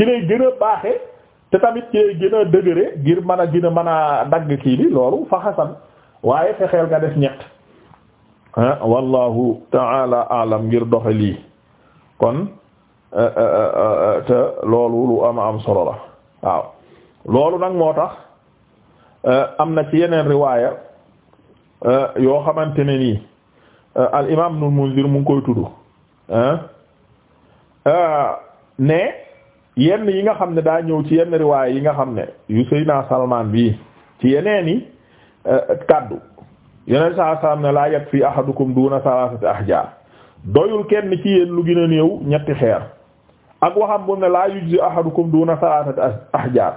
ci lay gën a baaxe te tamit ci lay gën dëgëre ngir man a gën a mën a dagg kii bi loolu fa xasan waaye fexeel nga def ñett wallahu taala alam ngir doxe lii kon eh, eh, eh, te loolu lu ama am solo la waaw loolu nag moo tax am na ci yeneen riwaaya yoo xamante ni nii al imaam Ibnul Munzir mu ngi koy tudd ne yenn yi nga xam ne daa ñëw ci yenn riwaay yi nga xam ne yu naa Salman bii ci yeneen yi euh, kàddu yeneen saa sallam ne laa yeg fii ahadukum duna salasati ahjar doyul kenn ci yéen lu gën néew ñetti xeer ak waxam bu ne laa yujzi ahadukum duna salasati ahjar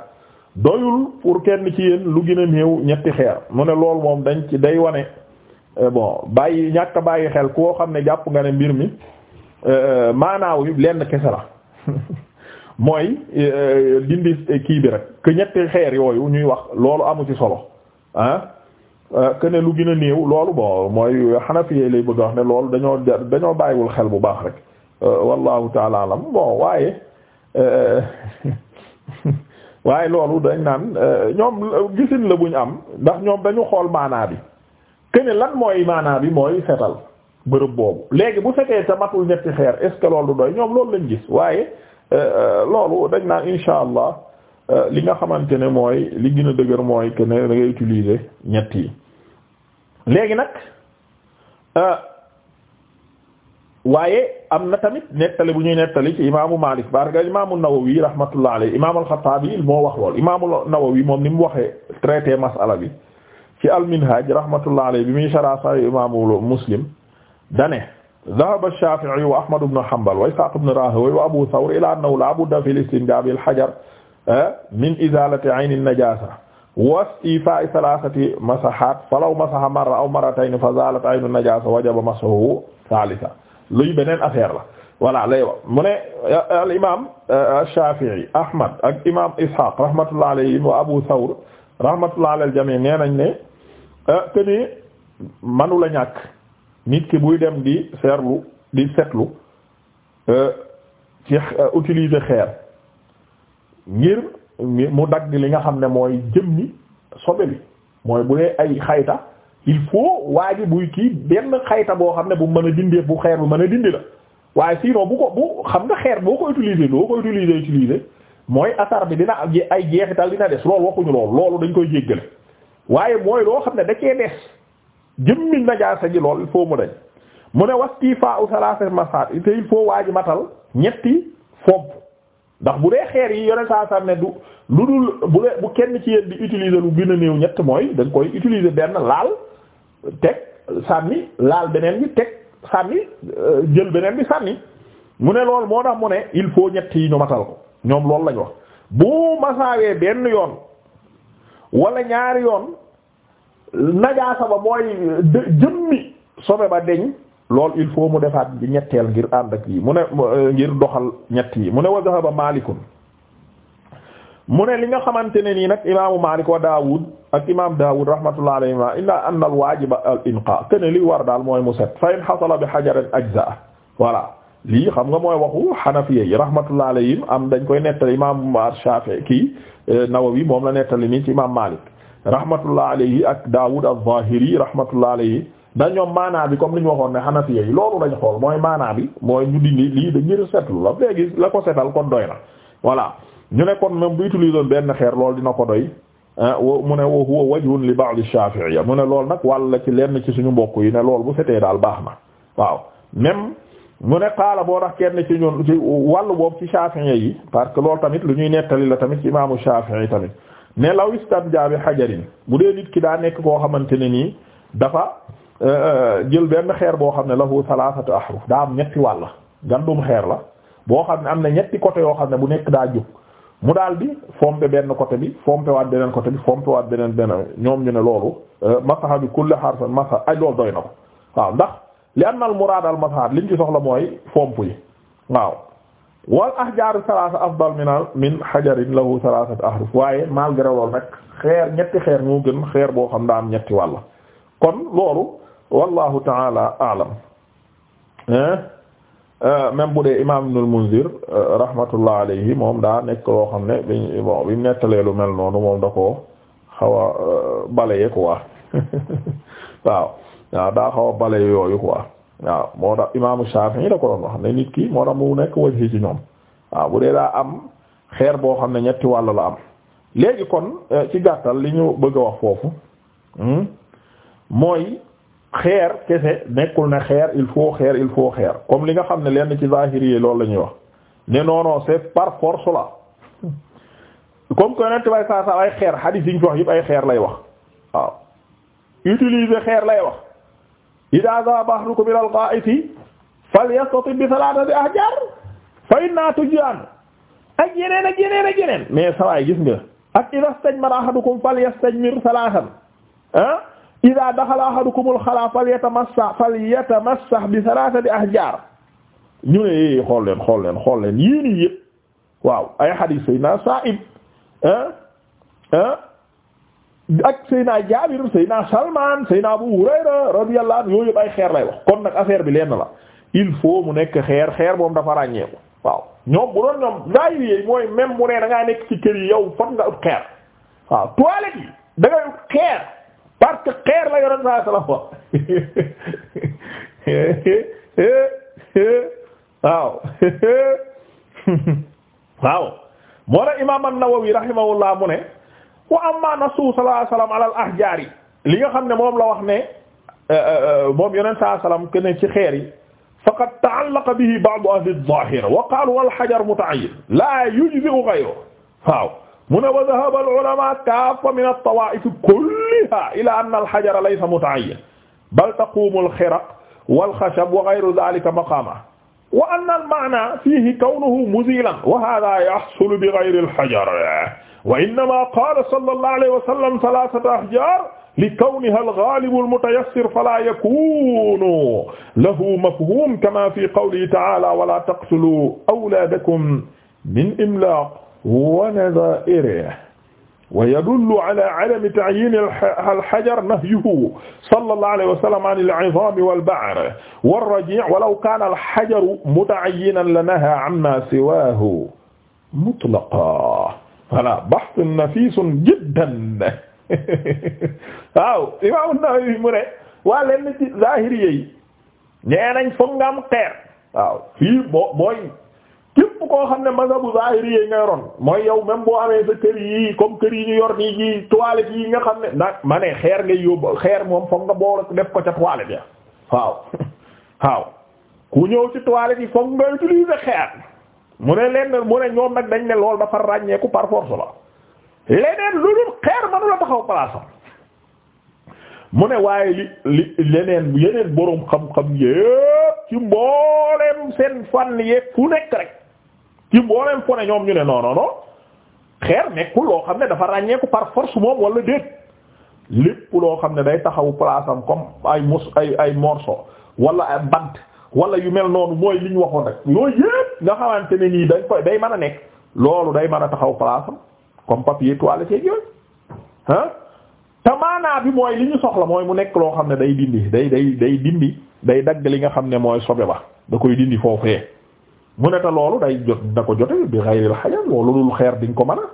doyul pour kenn ci yéen lu gën a néew ñetti xeer mu ne loolu moom dañ ci day wane euh, bon bàyyi ñàkk bàyyi xel koo xam ne jàpp nga ne mbir mi euh, maanaaw yi lenn kese la mooy euh, dindi euh, kii bi rek que ñetti xeer yooyu ñuy wax loolu amu ci solo ah que ne lu gën a néew loolu bon mooy Hanafi lay bëgg wax ne loolu dañoo dañoo bàyyiwul xel bu baax rek wallahu taala alam bon waaye waaye loolu dañ naan ñoom gisin la buñ am ndax ñoom dañu xool maanaa bi que ne lan mooy maanaa bi mooy setal bërëb boobu léegi bu fetee te matul ñetti xeer est ce que loolu du doy ñoom loolu lañ gis waaye Euh, euh, loolu dañ naan insha allah euh, li nga xamante ne mooy li gën a dëgër mooy que ne da ñett yi léegi nag waaye am na tamit nettali bu ñuy nettali ci imaamu Maalik parce que imaamu Nawawi rahmatullah alayhi imaamu al-Xattaabi moo wax lool imaamu Nawawi moom li mu waxee traité masala bi ci al-Minhaaj rahmatullah alayhi bi muy sharh Sahih imaamu Muslim dane dhahaba ash-Shafi'i wa Ahmad ibn Hanbal wa Ishaq ibn Rahawayh wa Abu Thawr ila annahu la budda fi al-istinjab al-hajar min izalati 'ayn an-najasa wa istifa'i thalathati masahat falaw masaha marra aw marratayn fa zalat 'ayn an-najasa wajaba masuhu thalitha luy beneen affaire la voilà lay wax mu ne al imam euh, Shafi'i Ahmad ak imam Ishaq rahmatullah alayhim wa Abu Thawr rahmatullah ala al jami' nee nañ ne te euh, ni manu la ñàkk nit ki buy dem di seetlu di euh, setlu ci euh, utiliser xeer ngir mu dagg li nga xam ne mooy jëm ni sobe li mooy bu dee ay xayta il faut waa ji buy kii benn xayta boo xam ne bu mën a dindee bu xeer bi mën a dindi la waaye sinon bu ko bu xam nga xeer boo ko utiliser loo ko utiliser utiliser mooy asar bi dina ay jeexital dina des loolu waxuñu loolu loolu dañ koy jéggale waaye mooy loo xam ne da cee des jëmmi najaasa gi lool il faut mu dañ mu ne wastifaa'u salaasa masaat te il faut waa ji matal ñetti fob ndax bu dee xeer yi yore saa ne du lu dul bu dee bu kenn ci yéen di utiliser lu gën a néew ñett mooy da koy utiliser benn laal teg sànni laal beneen bi teg sànni euh, jël beneen bi sànni mu ne lool moo tax mu ne il faut ñett yi ñu matal ko ñoom loolu lañu wax bu masaawee benn yoon wala ñaari yoon. najaasa ba mooy jëmmi sobe ba deñ loolu il faut mu defaat bi ñetteel ngir ànd ak yi mu ne euh, ngir doxal ñett yi mu ne wa dhahaba maalikun mu ne li nga xamante ne nii nag imaamu Maalik wa Daawud ak imaam Daawud rahmatullahi alayhima illaa anna al-waajiba al-inqaa kene li war daal mooy mu set fa in hasala bi hajarin ajzaa voilà lii xam nga mooy waxu Hanafiyya yi rahmatullahi alayhim am dañ koy nettali imaam Shaafi'i kii euh, Nawawi moom la nettali nii ci imaam Maalik rahmatullah alayhi ak Daawud az-Zahiri rahmatullah alayhi dañoo maanaa bi comme li ñu waxoon ne Hanafiya yi loolu lañ xool mooy maanaa bi mooy ñu dindi lii da ngir setlu la léegi la ko setal kon doy na voilà ñu ne kon même bu utiliser benn xeer loolu dina ko doy ah, mu ne wa huwa wajhun li ba'd Shafi'iyya mu ne loolu nag wàlla ci lenn ci suñu mbokk yi ne lool bu fetee daal baax na waaw même mu ne xaala boo tax kenn ci ñun ci wàllu boobu ci Shafi'iyya yi parce que loolu tamit lu ñuy nettali la tamit ci imaamu Shafi'i ne law istabja bi xajarin bu dee nit ki daa nekk koo xamante ne nii dafa euh, euh, jël benn xeer boo xam ne lahu salaasatu ahruf daa am ñetti wàll gandum xeer la boo xam ne am na ñetti côté yoo xam ne bu nekk daa jóg mu daal di fompe benn côté bi fompe waat beneen côté bi fompe waat beneen beneen ñoom ñu ne loolu euh, masaha bi kulli harfan masaha ay loolu doy na ko waaw ndax li am na al muraad al masaha liñ ci soxla mooy fomp yi waaw wal ahjaaru salaasa afdal min min hajarin lahu salaasatu ahruf waaye malgré loolu nag xeer ñetti xeer moo gën xeer boo xam daa am ñetti wàll kon loolu wallahu taala alam eh? Eh, même bu dee imaam Ibnul Munzir eh, rahmatullah alayhi moom daa nekk loo xam ne bi bon nettalee lu mel noonu moom da koo xaw a balaye quoi waaw waaw daa xaw a balaye yooyu quoi waaw moo tax imaamu Shafi'i da ko doon wax ne nit ki moo tax mu nekk wajhi ci ñoom waaw bu dee daa am xeer boo xam ne ñetti wàll la am léegi kon eh, ci gàttal li ñu bëgg a wax foofu hmm, mooy xeer kese nekkul ne xeer il faut xeer il faut xeer comme li nga xam ne lenn ci zahiri yi loolu la ñuy wax ne non non par force là comme que nett bay saa saa ay xeer hadith yi ñu fi wax yëpp ay xeer lay wax waaw utiliser xeer lay wax idaa dhahaba ahdukum ilal qaa'iti falyastatib bi thalathati ahjar fa inna tujaan ak yeneen ak yeneen ak yeneen mais sawaay gis nga ak idaa istajmara ahadukum falyastajmir thalathan ah idaa dakhala ahadukumul khalaa falyatamassa falyatamassa bi thalathati ahjar ñu ne eh, xool leen xool leen xool leen yii nii yëpp waaw ay hadith yi naa Sa'ib ah ah ak Seyna Jaabir Seyna Salman Seyna Abu Hurayra radiyallahu anhu yooyu yëpp ay lay wax kon nag affaire bi lenn la il faut mu nekk xeer xeer moom dafa ràññeeku waaw ñoom bu doon ñoom gars yi mooy même mu ne da nekk ci kër yi yow foog nga ut xeer waaw toilette yi da ngay ut xeer parce que xeer la waaw moo tax imaam an-Nawawi rahimahullah mu ne. wa amma nasu sallallahu alayhi wasallam alal ahjaar yi li nga xam ne moom la wax ne euh, euh, euh, moom yeneen saa salaam que ne ci xeer yi faqad ta'allaqa bihi ba'du ahli adh-dhahira wa qaalu wal hajar muta'ayyin la yujzi'u ghayruhu waaw mu ne wa dhahaba al-ulama kaaffa min at-tawaa'if kulliha ila anna al-hajara laysa muta'ayyan bal taqumu al-khiraq wal-khashab wa ghayru dhalika maqaamahu wa anna al-ma'na fihi kawnuhu muzilan wa hadha yahsulu bi ghayri al-hajar wa innama qaala sallallahu alayhi wa sallam thalathatu ahjar li kawniha al-ghalibu al-mutayassir fala yakunu lahu mafhum kama fi qawlihi ta'ala wala taqtulu awladakum min imlaq wa nadha'irihi wa yadullu ala adami ta'yin al-hajar nahyuhu sallallahu alayhi wa sallam an al-'idham wal-ba'r war-raji' walaw kana al-hajaru muta'ayyinan lanaha amma siwahu mutlaqa voilà bahthun nafisun jiddan waaw Imam An-Nawawi mu ne waa lenn ci zahiri yi ñee nañ foog nga am xeer waaw fii boo mooy képp koo xam ne mazhabu zahiri yi ngay ron mooy yow même boo amee sa kër yi comme kër yi ñu yor nii ci toilette yi nga xam ne ndax ma ne xeer ngay yóbbu xeer moom foog nga boole def ko ca toilette ya waaw waaw ku ñëw ci toilette yi foog nga utiliser xeer mu ne leen mu ne ñoom nag dañ ne lool dafa ràññeeku par force la leneen lu dul xeer manu taxaw place mu ne waaye li li leneen yeneen boroom xam-xam yépp ci mbooleem seen fànn yeeg fu nekk rek ci mbooleem fu ne ñoom ñu ne non non non xeer nekkul loo xam ne dafa ràññeeku par force moom wala déet lépp loo xam ne day taxaw place am comme ay mos ay ay morceau wala bant wala yu mel noonu mooy li ñu waxoon rek yooyu yépp nga xamante dañ koy day mën nekk loolu day mën a taxaw place am comme papier toilette yooyu ah te bi mooy li ñu soxla mooy mu nekk loo xam ne day dindi day day day dindi day dagg li nga xam ne mooy sobe ba da koy dindi foofee mu ne te loolu day jot da ko jote bi xayril xajar loolu dul xeer diñ ko mën a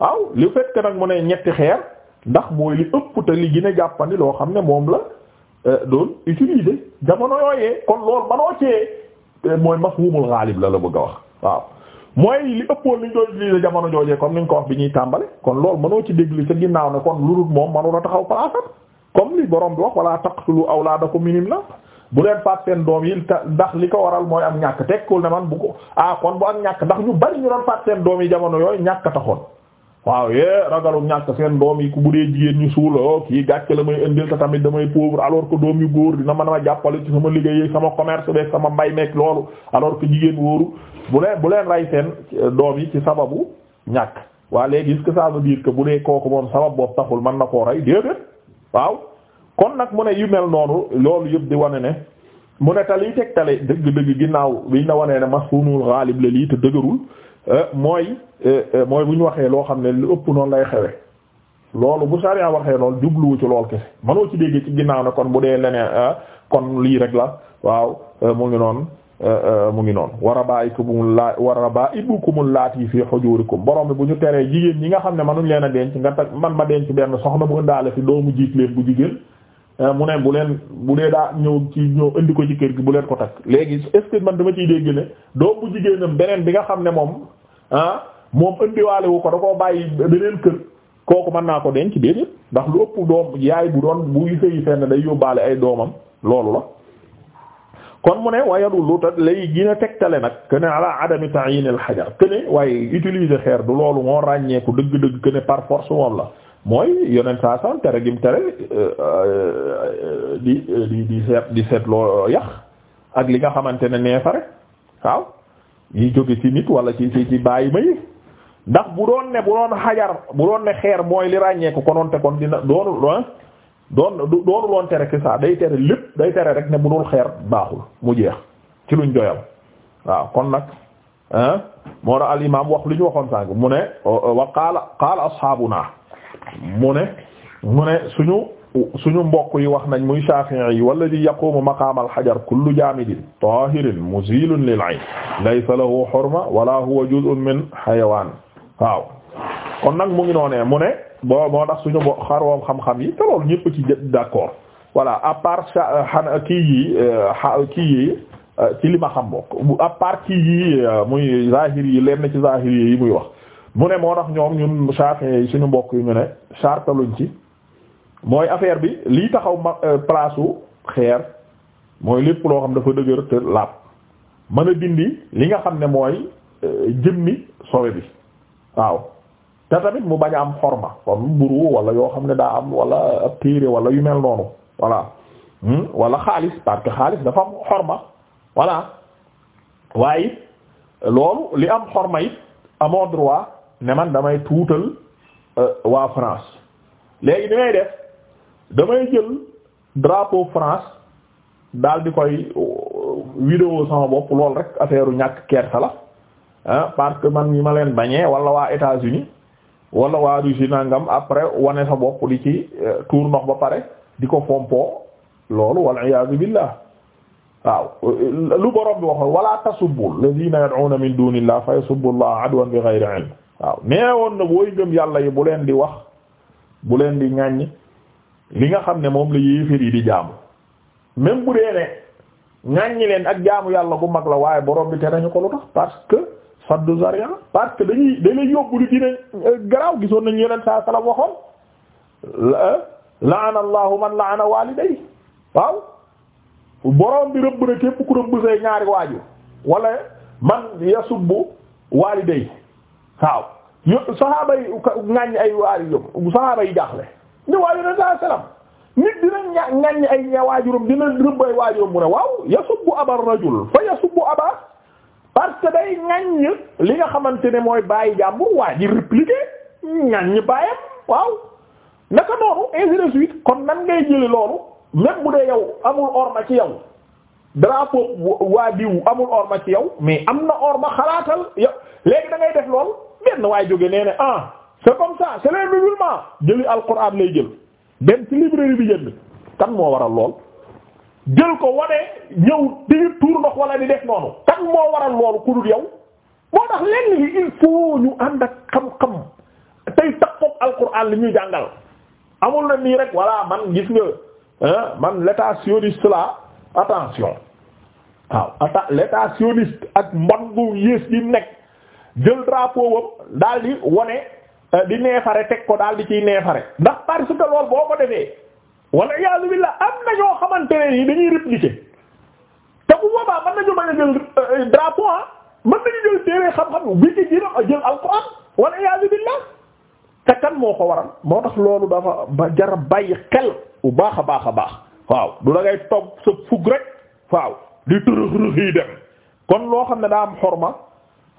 waaw li fekk nag mu ne ñetti xeer ndax mooy li ëpp te li gën a jàppandi loo xam ne moom la Euh, doon utiliser jamono yooyee kon loolu manoo cee euh, mooy mafhumul ghalib la la bëgg a wax waaw mooy li ëppoon li ñu doon utiliser jamono joojee comme ni nga ko wax bi ñuy tàmbale kon loolu mënoo ci déglu ca ginnaaw ne kon lu dul moom mënul a taxaw palaasam comme li borom bi wax wala taqtulu awlaadakum minim na bu leen faat seen doom yi ndax li ko waral mooy am ñàkk tekkul ne man bu ko ah kon bu am ñàkk ndax ñu bari ñu doon faat seen doom yi jamono yooyu ñàkk taxoon waaw yee ragalu ñàkk seen doom yi ku bu dee jigéen ñu suuloo oh, kii gàcce la may indil te tamit damay pauvre alors que doom yu góor dina mën a jàppale ci sama liggéey sama commerce beeg sama mbay meeg loolu alors que jigéen wóoru bu leen bu leen rey seen eh, doom yi ci sababu ñàkk waa léegi est-ce biir ça veut dire que bu dee kooku moom sabab boobu taxul man na koo rey déedéet waaw kon nag mu ne yu mel noonu loolu yëpp di wane ne mu ne te liy tegtale dëgg-dëgg ginnaaw biñ la wanee ne mafhumul ghalib la lii te dëgërul Euh, mooy euh, euh, mooy bu ñu waxee loo xam ne lu ëpp noonu lay xewe loolu bu sariya waxee lool jubluwu ci lool kese mënoo ci dégg ci ginnaaw na kon bu dee leneen ah, kon lii rek la waaw mu ngi noon mu ngi noon war a bàyyi ko bu laa war a bàyyi ibukumul laat yi fii xujurikum borom bi bu ñu teree jigéen ñi nga xam ne manuñ leen a denc nga tag man ma denc benn soxna bu ëndaale fi doomu jiit leen bu jigéen mu ne bu leen bu dee daa ñëw ci ñëw indi ko ci kër gi bu leen ko takk léegi est-ce que man dama ciy beneen bi nga xam ne moom ah moom indiwaale wu ko da koo bàyyi beneen kër kooku mën naa ko denc déedéet ndax lu ëpp doom yaay bu doon bu gisee yi fenn day yóbbaale ay doomam loolu la. kon mu ne wayadu lu ta lay gën a tegtale nag que ne ala adami ta'yin al hajar waaye utiliser xeer du loolu moo ràññeeku dëgg-dëgg que ne par force moom la mooy yonent saa san tere gim tere euh, euh, euh, di di seet di seet loo yàq ak li nga xamante ne neefare waaw yi jóge ci nit wala ci ci ci bàyyi ma yi ndax bu doon ne bu doon xajar bu doon ne xeer mooy li ràññeeku kononte kon dina doonul doon doonul woon tere ki saa day tere lépp day tere rek ne bu dul xeer baaxul mu jeex ci luñ doyal waaw kon nag moo tax al wax li ñu waxoon sànq mu ne xaala qaala qaala ashaabuna mu ne mu ne suñu suñu mbokk yi wax nañ muy Shafi'i yi walladi yaqumu maqaama alxajar kullu jaamidin tahirin muzilun lil ayn laysa lahu hurma wala huwa juz'un min xayawaan waaw kon nag mu ngi noonee mu ne boo suñu bo xarwoom xam yi te loolu voilà à part xana euh, euh, kii yi euh, kii yi ci xam bokk à part kii muy zahiri yi leen muy wax mu ne moo tax ñoom ñun Shafi'i yi suñu mbokk yi ñu ne sartaluñ ci mooy affaire bi lii taxaw ma euh, place u xeer mooy lépp loo xam dafa dëgër te laab mën a dindi li nga xam ne mooy euh, jëmmi sobe bi waaw te tamit mu bañ a am xorma comme mburu wala yoo xam ne daa am wala ab téere wala yu mel noonu voilà hmm? wala xaalis parce que xaalis dafa am xorma voilà waaye loolu li am xorma it amoo droit ne man damay tuutal euh, waa France léegi ni may def damay jël drapeau France daal di koy euh, vidéo sama bopp lool rek affaire ñàkk kersa la ah parce que man ñi ma leen bañee wala waa États-Unis wala waa Russie nangam après wane sa bopp di ci euh, tuur ndox ba pare di ko fompoo loolu wal waaw euh, lu borom bi waxoon wala tasubbu alladhina yad'una min dunillahi fa yasubbu allaha adwan bighayri ilm waaw nee woon na booy gëm yàlla yi bu leen di wax bu leen di ŋàññ li nga xam ne moom la yéeféer yi di jaamu même bu dee ne ŋàññi leen ak jaamu yàlla bu mag la waaye borom bi te nañu ko lu tax parce que saddu zaria parce que dañuy dañ lay yóbbu li dina euh, garaaw gisoon nañu yeneen saa salam waxoon euh, laana allahu man laana waliday waaw borom bi rëbb na képp ku rëbb say ñaari waajur walla man yasubbu waliday waaw yo saxaaba yi ŋàññ ay waali yom saxaaba yi jaaxle ñu waayu ne saa salaam nit dina ña ñaññ ay ña waajuram dina rëbb ay waajuram mu ne waaw yasubbu abar rajul fa yasubbu aba parce que day ñaññ li nga xamante ne mooy bàyyi jàmbur waa ji répliquer ñaññ bàyyam waaw naka noonu ainsi de suite kon nan ngay jëli loolu même bu dee yow amul orma ci yow drapeau waa diw amul orma ci yow mais am na orma xalaatal yow léegi da ngay def lool benn waay jóge nee ah. c'est comme ça c'est les musulmans jëli alquran lay jël benn ci librairie bi jënd kan moo waral lool jël ko wane ñëw di tuur ndox wala di def noonu kan moo waral loolu ku dul yow moo tax lenn li il faut ñu ànd ak xam-xam tey takkoog alquran li ñuy jàngal amul na nii rek voilà man gis nga man l'état sioniste attention waaw atta l'état ak mbon gu yées di nekk jël drapeau wam daal di wane. Euh, di neefare teg ko daal di ciy neefare ndax parce que loolu boo ko defee wala iyaazu billah am na ñoo xamante ne nii dañuy répliquer te bu boobaa mën nañu mën euh, ah, nañu jël moo ko waral moo tax loolu dafa ba jara bàyyi xel bu baax a baax a baax waaw du toog sa fukk di tërëx rëx yi dem kon loo xam ne daa am xorma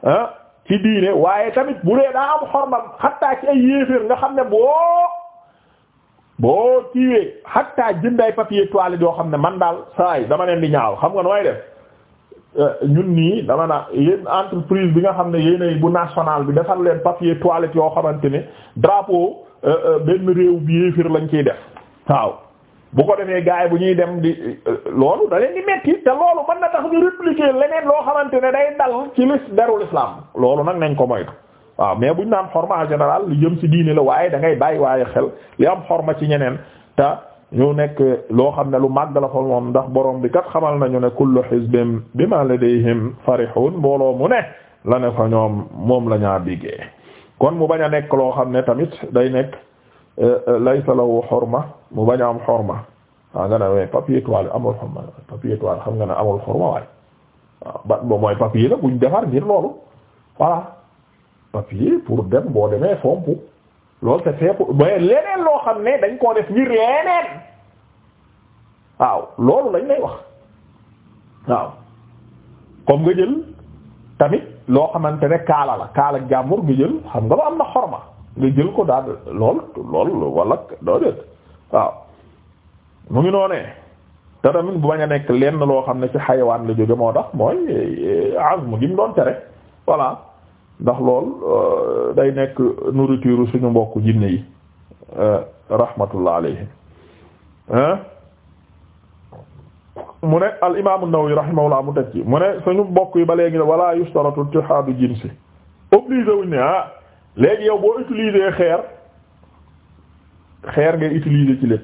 ah. ci diine waaye tamit bu dee daa am xormam xattaa ci ay yéeféer nga xam ne boo boo kiiwee xattaa jënday papier toilette yoo xam ne man daal saa yi dama leen di ñaaw xam nga nooy def euh, ñun nii dama na yéen entreprise bi nga xam ne yéenay bu national bi defar leen papier toilette yoo xamante ne drapeau euh, euh, benn réew bi yéeféer lañ ciy def waaw bu ko defee gars bu ñuy dem di loolu da leen di metti te loolu mën na tax ñu répliquer leneen loo xamante ne day dal ci lis derul islam loolu nag nañ ko moytu waaw mais buñ naan xorma en général lu jëm ci diine la waaye da ngay bàyyi waaye xel li am xorma ci ñeneen te ñu nekk loo xam ne lu màgg la fa moom ndax boroom bi kat xamal nañu ne kullu hizbin bima ladayhim farihun mbooloo mu ne la ne fa ñoom moom la ñaar biggee kon mu bañ a nekk loo xam ne tamit day nekk laysa lahu ma mu bañ a am xorma waaw ah, nga ne mais papier toile amul xorma papier toile xam nga ne amul xorma waaye waaw ah, ba mooy papier la buñ defar ngir loolu voilà papier pour dem boo demee fomp loolu c'est fait pour leneen loo xam ne dañ koo def ngir leneen waaw loolu lañ lay wax waaw comme nga jël tamit loo xamante ne kaala la kaala jàmbur nga jël xam nga ba am na xorma. nga jël ko daal lool lool wala doo déet waaw mu ngi noonee te tamit bu bañ a nekk lenn loo xam ne ci xayawaan la jóge moo tax mooy eh, azmu gi doon tere voilà ndax lool euh, day nekk nourriture suñu mbokk jinne yi euh, rahmatullah alayhim mu ne al imaamu Nawawi rahimahullah mu teg ci mu ne suñu mbokk yi ba léegi wala yustaratu ittihadu jinsi obligé wuñ ne ah léegi yow boo utiliser xeer xeer ngay utiliser ci lépp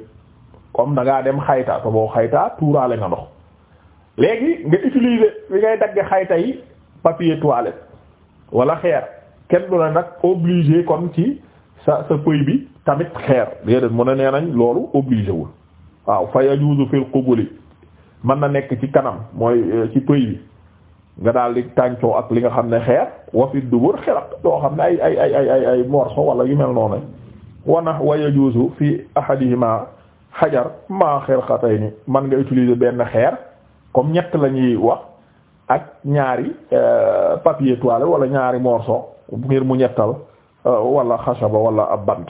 comme da ngaa dem xayta te boo xayta tuuraale nga ndox léegi nga utiliser li ngay dagge xayta yi papier toilette wala xeer kenn du la nag obligé kon ci sa sa pëy bi tamit xeer déedéet mu ne nee nañ loolu obligé wul waaw fa yajuzu fil qubuli mën na nekk ci kanam mooy euh, ci pëy bi nga daal di tàncoo ak li nga xam ne xeer wa fi dubur loo xam ne ay ay ay ay ay ay morceau wala yu mel noonu wana wa yajuzu fi ahadihima xajar ma xirqatayni man nga utiliser benn xeer comme ñett la ñuy wax ak ñaari euh, papier toilette wala ñaari morceau ngir mu ñettal euh, wala xasaba wala ab bant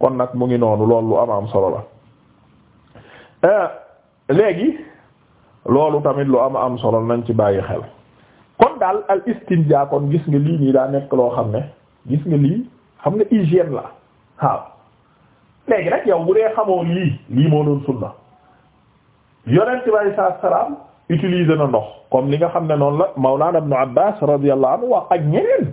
kon nag mu ngi noonu loolu lu am am solo la euh, léegi loolu tamit lu am am solo nañ ci bàyyi xel. kon daal al istinja kon gis nga lii nii daa nekk loo xam ne gis nga lii xam nga hygiène la waaw léegi nag yow bu dee xamoo lii lii moo doon sunna yonent bi alayhi salaatu utiliser na ndox comme li nga xam ne noonu la Mawlana Ibn Abbas radiyallahu anhu wax ak ñeneen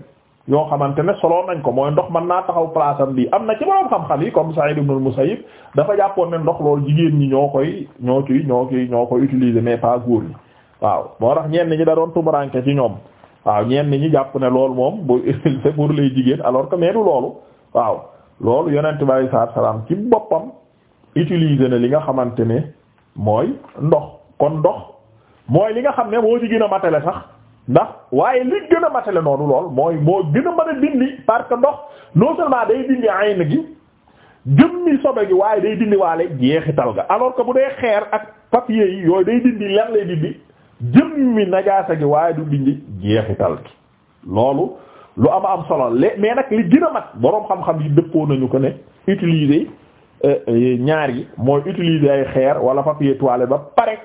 yoo xamante ne solo nañ ko mooy ndox mën naa taxaw place am bi am na ci xam-xam yi comme Sa'id ibn al-Musayyib dafa jàppoon ne ndox lool jigéen ñi ñoo koy ñoo ciy ñoo koy utiliser mais pas waaw moo tax ñeen ñi da doon tumuranke ci ñoom waaw ñenn ñi jàpp ne loolu moom bu c'est pour les jigéen alors que mais du loolu waaw loolu yonent bi alayhi salaatu salaam ci boppam utiliser na li nga xamante ne mooy ndox kon ndox mooy li nga xam ne moo ci gën a matale sax ndax waaye li gën a matale noonu lool mooy moo gën a mën dindi parce que ndox non seulement day dindi ayn gi jëmmi sobe gi waaye day dindi waale jeexital ga alors que bu dee xeer ak papier yi yooyu day dindi lan lay dindi. jëmmi najaasa gi waaye du dindi jeexital gi loolu lu am am solo le mais nag li gën mat boroom xam-xam yi dëppoo nañu ko ne utiliser euh, ñaar yi mooy utiliser ay xeer wala papier toilette ba pare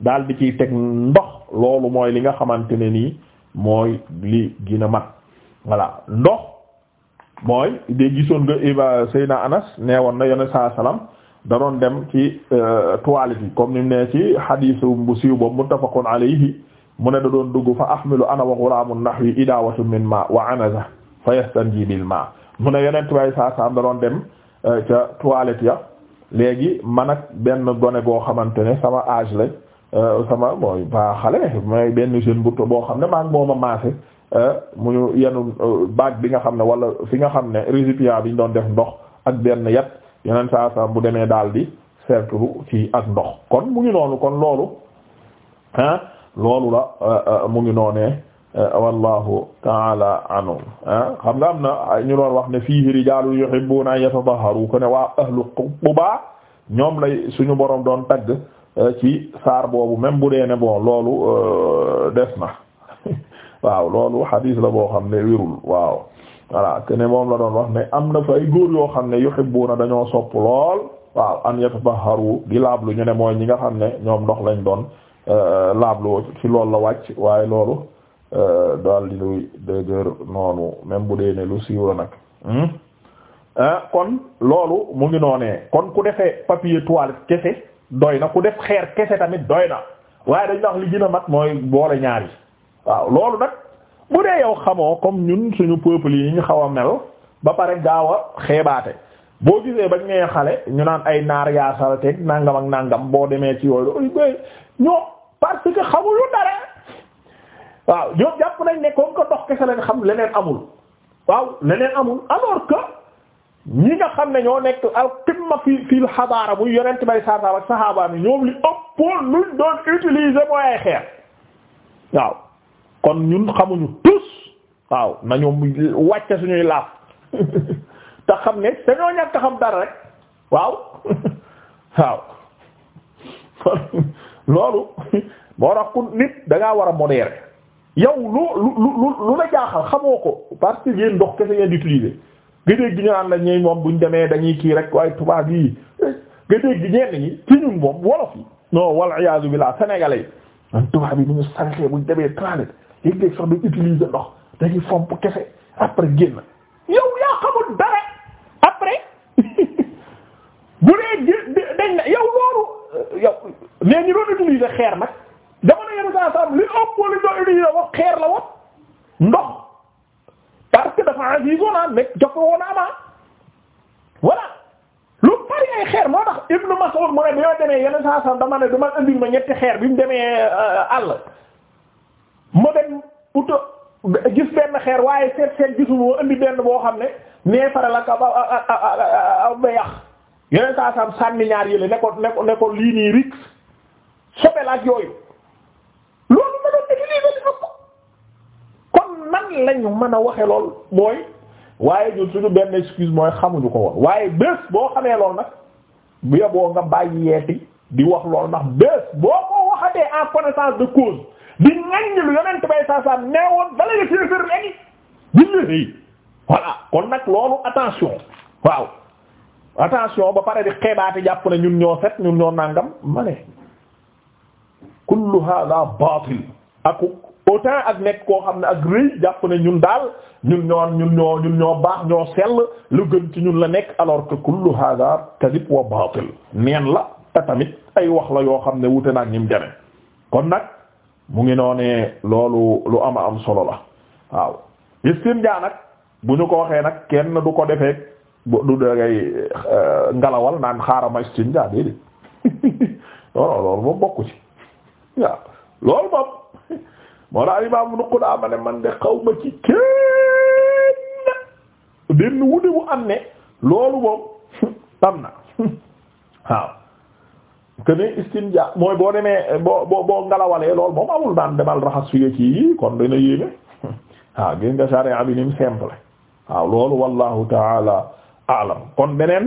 daal di ci teg ndox loolu mooy li nga xamante ne nii mooy li gën a mat voilà ndox mooy de gisoon nga Iba Seyna Anas nee na yone saa salaam. da doon dem ci euh, toilette yi comme ni mu ne ci hadith bu siiw boobu muttafaqun alayhi mu ne da doon dugg fa ahmilu ana wa ghulaamun nahwi idaawatun min maa wa anaza fa yastanji bil maa mu ne yeneen tubaab saa saam da euh, ca toilette ya léegi man ak benn gone boo xamante ne sama âge la euh, sama mooy ba xale mooy benn jeune bu boo xam ne maa ngi moom a maase mu yenu baag bi nga xam ne wala fi nga xam ne récipient bi ñu doon def ndox ak benn yat. yeneen saa bu demee daal di seetlu ci ak ndox kon mu ngi noonu kon loolu ah loolu la euh, euh, mu ngi noonee euh, wallahu taala anhu xam nga am na ñu doon wax ne fii fiihi rijaalun yuhibbuuna an yatatahharu ko ne waa ahlu Quba ñoom lay suñu boroom doon tagg ci saar boobu même bu dee ne bon loolu des na waaw loolu hadis la boo xam ne wirul waaw. voilà te ne moom la doon wax ne am na fa ay góor yoo xam ne yuhibbuna dañoo sopp lool waaw an yatahharu di laablu ñu ne mooy ñi nga xam ne ñoom ndox lañ doon euh, laablu ci loolu la wàcc waaye loolu euh, daal di luy dëgër noonu même bu dee ne lu siiw la nag. Hmm? Ah, kon loolu mu ngi noonee kon ku defee papier toilette kese doy na ku def xeer kese tamit doy na waaye dañ la li gën a mooy boole ñaar yi waaw loolu nag. bu dee yow xamoo comme ñun suñu peuple yi ñu xaw a mel ba pare gaaw a xeebaate boo gisee ba nee xale ñu naan ay naar yaa salteeg nangam ak nàngam boo demee ci yooyu ñoo parce que jàpp nañ ne comme que leneen amul waaw leneen amul alors nga xam ne ñoo nekk al qimma fi fil xadaara muy yonent bay saasaam ak saxaabaam doon utiliser mooy ay xeer waaw kon ñun xamuñu tous waaw nañu wàcce suñuy laaf te xam ne dañoo ñàkk xam dara rek waaw waaw loolu moo tax ku nit da war a modéré yow lu lu lu la jaaxal xamoo ko parce que yéen ndox kese ngeen di utiliser nga dégg ñu naan la moom buñ demee dañuy kii rek waaye tubaab yi nga dégg ñenn ñi ci ñun moom wolof yi non wal iyaazu billah sénégalais yi man tubaab yi ni ñu sànqee buñ demee toilette léeg-léeg sax du utiliser ndox dañuy fomp kese après génn yow yaa xamul dara après bu dee dañ na yow loolu yow mais ñu doon xeer nag dama ne yenn saa saam li ëpp li doon utiliser wax xeer la wax ndox parce que dafa azizoon ah mais jox ko woon ama voilà lu bari ay xeer moo tax Ibn Mas'ud mu ne bi ma demee yenn saa saam dama ne dama indi ma ñetti xeer bi mu demee euh, àll. ma dem uta gis benn xeer waaye seet seet gisuma indi benn boo xam ne neefare la ka ba ba yàq yeneen saa sam sànni ñaar yële ne ko ne ko ne ko lii nii rigs sobe la ak yooyu loolu ma doon utiliser li ëpp kon nan lañu mën a waxe lool mooy waaye ñun suñu benn excuse mooy xamuñu ko woon waaye bés boo xamee lool nag bu yeboo nga bàyyi yeeti di wax lool ndax bés boo ko waxatee en connaissance de cause di ŋaññi lu yonent bay saa saa neewoon bala nga siy sori léegi di ñëwee voilà kon nag loolu attention waaw attention ba pare di xeebaate jàpp na ñun ñoo set ñun ñoo nangam ma ne kullu baatil aku autant ak nekk koo xam ne ak rëy jàpp na ñun daal ñun ñoo ñun ñoo ñun ñoo baax ñoo sell lu gën ci ñun la nekk alors que kullu hada kadib wa baatil neen la te tamit ay wax la yoo xam ne wute naag ñi mu kon nag. mu ngi noonee loolu lu ama am solo la waaw istinjaa nag bu ñu ko waxee nag kenn du ko defee du dangay euh, ngalawal naan xaarama istinjaa déedéet non loolu moom bokku ci waaw loolu moom moo daal imam nuqu daa ma ne man de xaw ma ci kenn benn wute bu am ne loolu moom am na waaw que ne istinja mooy boo demee boo boo boo ngelawalee lool moom amul daan demal raxas fi nga kii kon dina yéeme waaw gis nga sharia bi nim simple waaw loolu wallahu taala alam kon beneen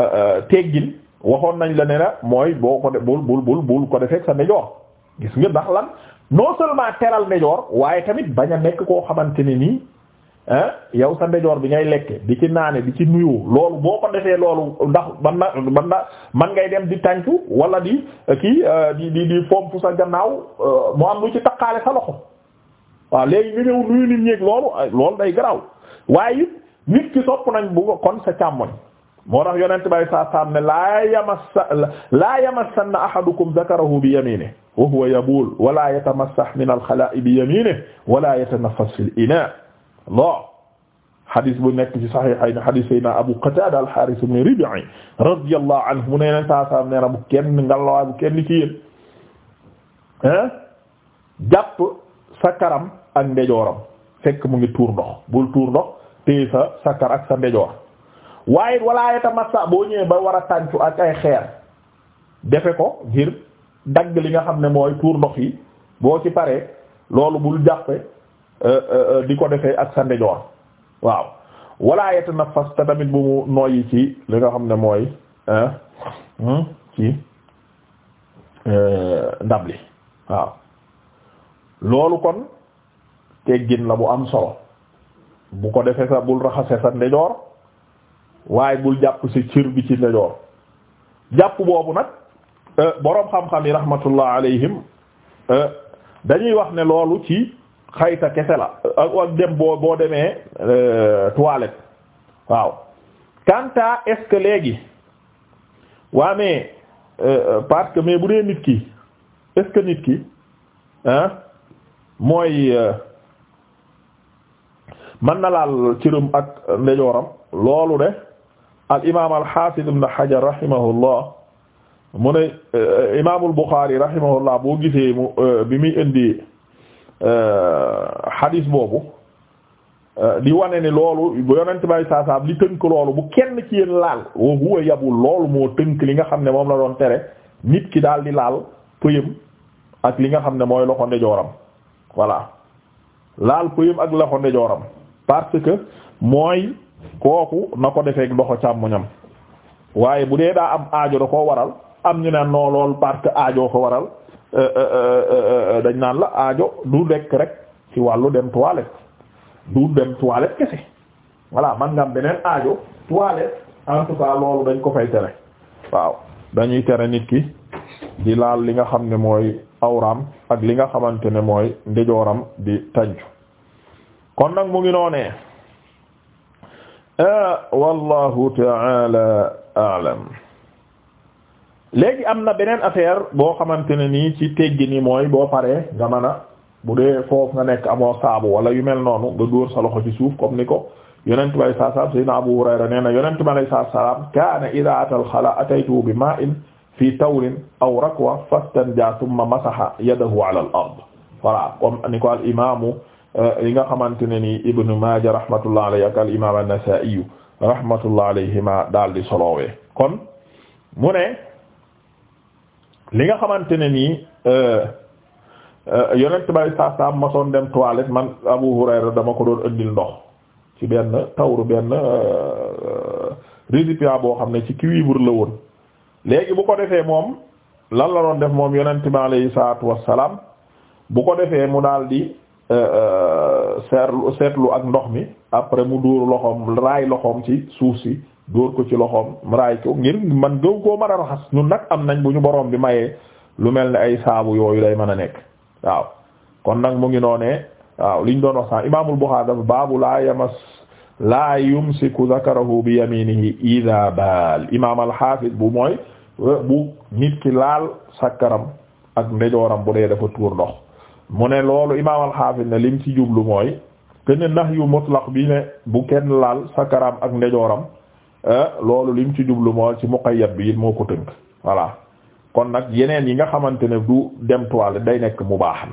euh, euh, teggin waxoon nañ la ne mooy boo ko de ko defee sa ndejoor gis nga ndax lan non seulement teral ndejoor waaye tamit bañ a nekk koo xamante ne nii yow sa ndejoor bi ngay lekke di ci naane di ci nuyu loolu boo ko defee loolu ndax man man na man ngay dem di tàncu wala di eh, kii eh, di di di fomp sa gannaaw eh, mu am ci taqaale sa loxo waaw léegi nga nuyu nit ñeeg loolu loolu day garaaw waaye it nit ki sopp nañ bu ko kon moo tax yonent bay saa saam ne laa yamassa laa yamassanna ahadukum zakarahu bi yaminihi wa huwa yabul wala yatamassah min al bi yaminihi wala yatanaffas fil ina' lo xadis bu nekk ci saxiixayni xadis sayyidina Abu Qataada al-Haaris ibn Rib'i radiyallahu anhu mu ne leen saa saa nee na bu kenn ngallaawaay bu kenn ci yéen jàpp sa karam ak ndejooram fekk mu ngi tuur ndox bul tuur ndox téye sa sakar ak sa ndejoor waaye wala yatamassa boo ñëwee ba war a tàncu ak ay xeer defe ko ngir dagg li nga xam ne mooy tuur ndox yi boo ci paree loolu bul jàppe Euh, euh, euh, di ko defee ak sa ndejoor waaw wala yatanafas te tamit bu mu noyyi ci li nga xam ne mooy hmm, ndab li waaw loolu kon teggin la bu am solo bu ko defee sa bul raxase sa ndejoor waaye bul jàpp si cir bi ci ndejoor jàpp boobu nag boroom xam-xam yi rahmatullah alayhim dañuy wax ne loolu ci xayta kese la ak dem boo demee euh, toilette waaw kanta est-ce léegi waa mais euh, parce que bu dee nit ki est nit ki mooy euh, man na laal cëram ak ndejooram loolu de al imaam al xaafid ibn Hajar rahimahullah mu ne imaamul Buxaari rahimahullah boo gisee mu bi muy indi xadiis euh, boobu euh, di wane ne loolu bu yonent bay saasaam li tënk loolu bu kenn ci yéen laal wa yabul loolu moo tënk li nga xam ne moom la doon tere nit ki daal di laal pëyam ak li nga xam ne mooy loxo ndejooram voilà laal pëyam ak loxo ndejooram parce que mooy kooku na ko defeek loxo càmmoñam waaye bu dee daa am aajo da koo waral am ñu ne non loolu parce que ko waral Euh, euh, euh, dañ naan la aajo du lekk rek ci wàllu dem toilette du dem toilette kese voilà man am beneen aajo toilette en tout loolu dañ ko fay tere waaw dañuy tere nit ki di laal li nga xam ne mooy awraam ak li nga xamante ne mooy ndejooram di tàncu kon nag mu ngi noonee wallahu ta'ala a'lam léegi am na beneen affaire boo xamante ne nii ci teggi ni mooy boo paree nga mën a bu dee foofu nga nekk amoo saabu wala yu mel noonu nga dóor sa loxo ci suuf comme ni ko yonent bi saa salaam sayyidina Abu Hurayra nee na yonent bi saa salaam kaana idaa atal xala ataytu bi maa'in fii tawrin aw rakwa fastanja thumma masaha yadahu ala al ard voilà comme ni ko al imaamu li euh, nga xamante ne nii Ibn Maaja rahmatullah alayhi ak al imaam an-Nasaa'i rahmatullah alayhima daal di solowee kon mu ne. li nga xamante ne nii euh, euh, yonent bay saa ma masoon dem toilette man Abu Hurayra dama ko doon ëndil ndox ci benn tawru benn euh, récipient boo xam ne ci cuivre la woon léegi bu ko defee moom lan la doon def moom yonent bi alayhi salaatu wassalaam bu ko defee mu daal di seetlu seetlu ak ndox mi après mu dóor loxoom raay loxoom ci suuf si dóor ko ci loxoom raay ko ngir man gëw koo mën a raxas ñun nag am nañ bu ñu boroom bi mayee lu mel ne ay saabu yooyu lay mën a nekk waaw kon nag mu ngi noonee waaw liñ doon wax sax imaamul Buxaari dafa baabu laa yamas laa yumsiku zakarahu bi yaminihi ida baal imaam alxaafis bu mooy bu nit ki laal sakkaram ak ndejooram bu dee dafa tuur mu ne loolu imaam alxaafis ci jublu mooy te bu kenn laal sakkaram ak ndejooram Eh, loolu lim ci jublu moo ci muqayyad bi it moo ko tënk voilà kon nag yeneen yi nga xamante ne du dem toile day nekk mu baaxan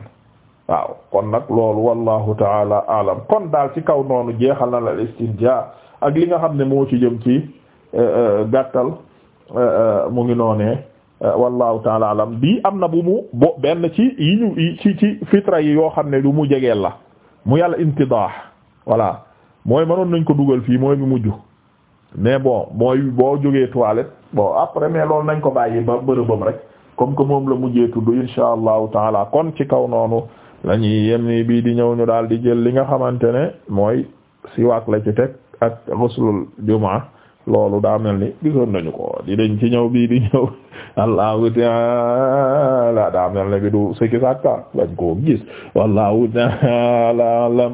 waaw kon nag loolu wallahu taala alam kon daal ci kaw noonu jeexal na la istinja ak li nga xam ne moo ci jëm ci eh, eh, gàttal mu ngi noonee wallahu taala alam bii am na bu mu bo benn ci yi ñu ci ci fitra yi yoo xam ne lu mu jegeel la mu yàlla intidaax voilà mooy mënoon nañ ko dugal fii mooy bi mujj mais bon mooy boo jógee toilette bon après mais loolu nañ ko bàyyi ba bërëbam rek comme que moom la mujjee tudd insha allahu taala kon ci kaw noonu la ñuy yem ni bii di ñëw ñu daal di jël li nga xamante ne mooy siwaak la ci teg ak xuslul jumaa loolu daa mel ni gisoon nañu ko di dañ ci ñëw bii di ñëw allahu taala daa mel ne bi du sikki sàkka dañ koo gis wallahu taala alam